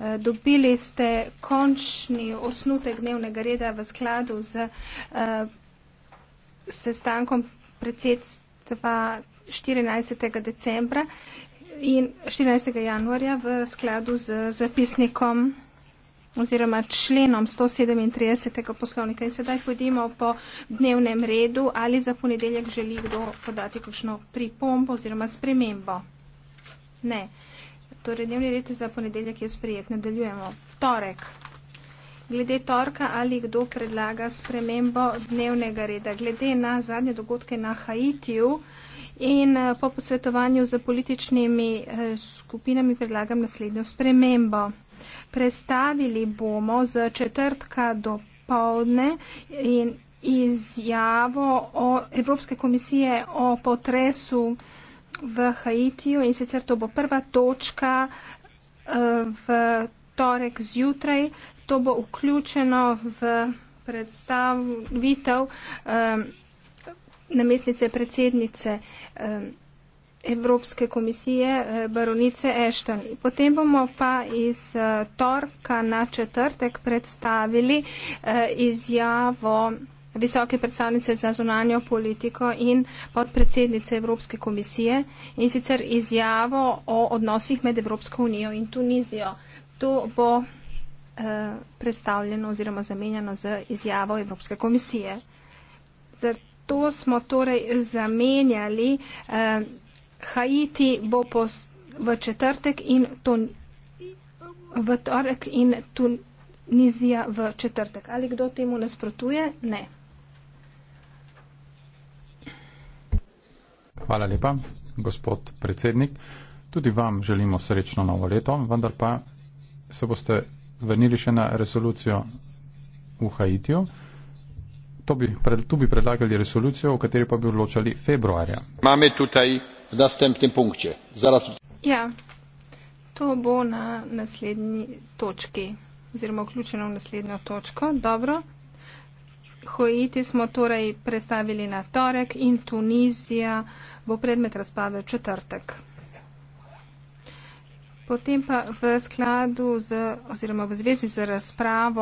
Eh, dobili ste končni osnutek dnevnega reda v skladu z eh, sestankom predsedstva 14. decembra in 14. januarja v skladu z zapisnikom oziroma členom 137. poslovnika. In sedaj pojdimo po dnevnem redu, ali za ponedeljek želi kdo podati kakšno pripombo oziroma spremembo. Ne. Torej, dnevni red za ponedeljek je sprejet. Nadaljujemo. Torek. Glede torka ali kdo predlaga spremembo dnevnega reda. Glede na zadnje dogodke na Haitiju in eh, po posvetovanju z političnimi eh, skupinami predlagam naslednjo spremembo. Prestavili bomo z četrtka do povdne in izjavo o Evropske komisije o potresu v Haitiju in sicer to bo prva točka eh, v torek zjutraj. To bo vključeno v predstavitev eh, namestnice predsednice eh, Evropske komisije baronice Ashton. Potem bomo pa iz torka na četrtek predstavili izjavo visoke predstavnice za zunanjo politiko in podpredsednice Evropske komisije in sicer izjavo o odnosih med Evropsko unijo in Tunizijo. To bo eh, predstavljeno oziroma zamenjano z izjavo Evropske komisije. Zato smo torej zamenjali eh, Haiti bo post, v četrtek in ton, v torek in Tunizija v četrtek. Ali kdo temu nasprotuje? Ne. ne. Hvala lepa, gospod predsednik. Tudi vam želimo srečno novo leto, vendar pa se boste vrnili še na resolucijo v Haitiju. Bi, tu bi predlagali resolucijo, o kateri pa bi odločali februarja. Imamo tukaj na tem tem punkte. Zaraz... Ja, to bo na naslednji točki oziroma vključeno v naslednjo točko. Dobro, Haiti smo torej predstavili na torek in Tunizija bo predmet razprave v četrtek. Potem pa v skladu z, oziroma v zvezi z razpravo.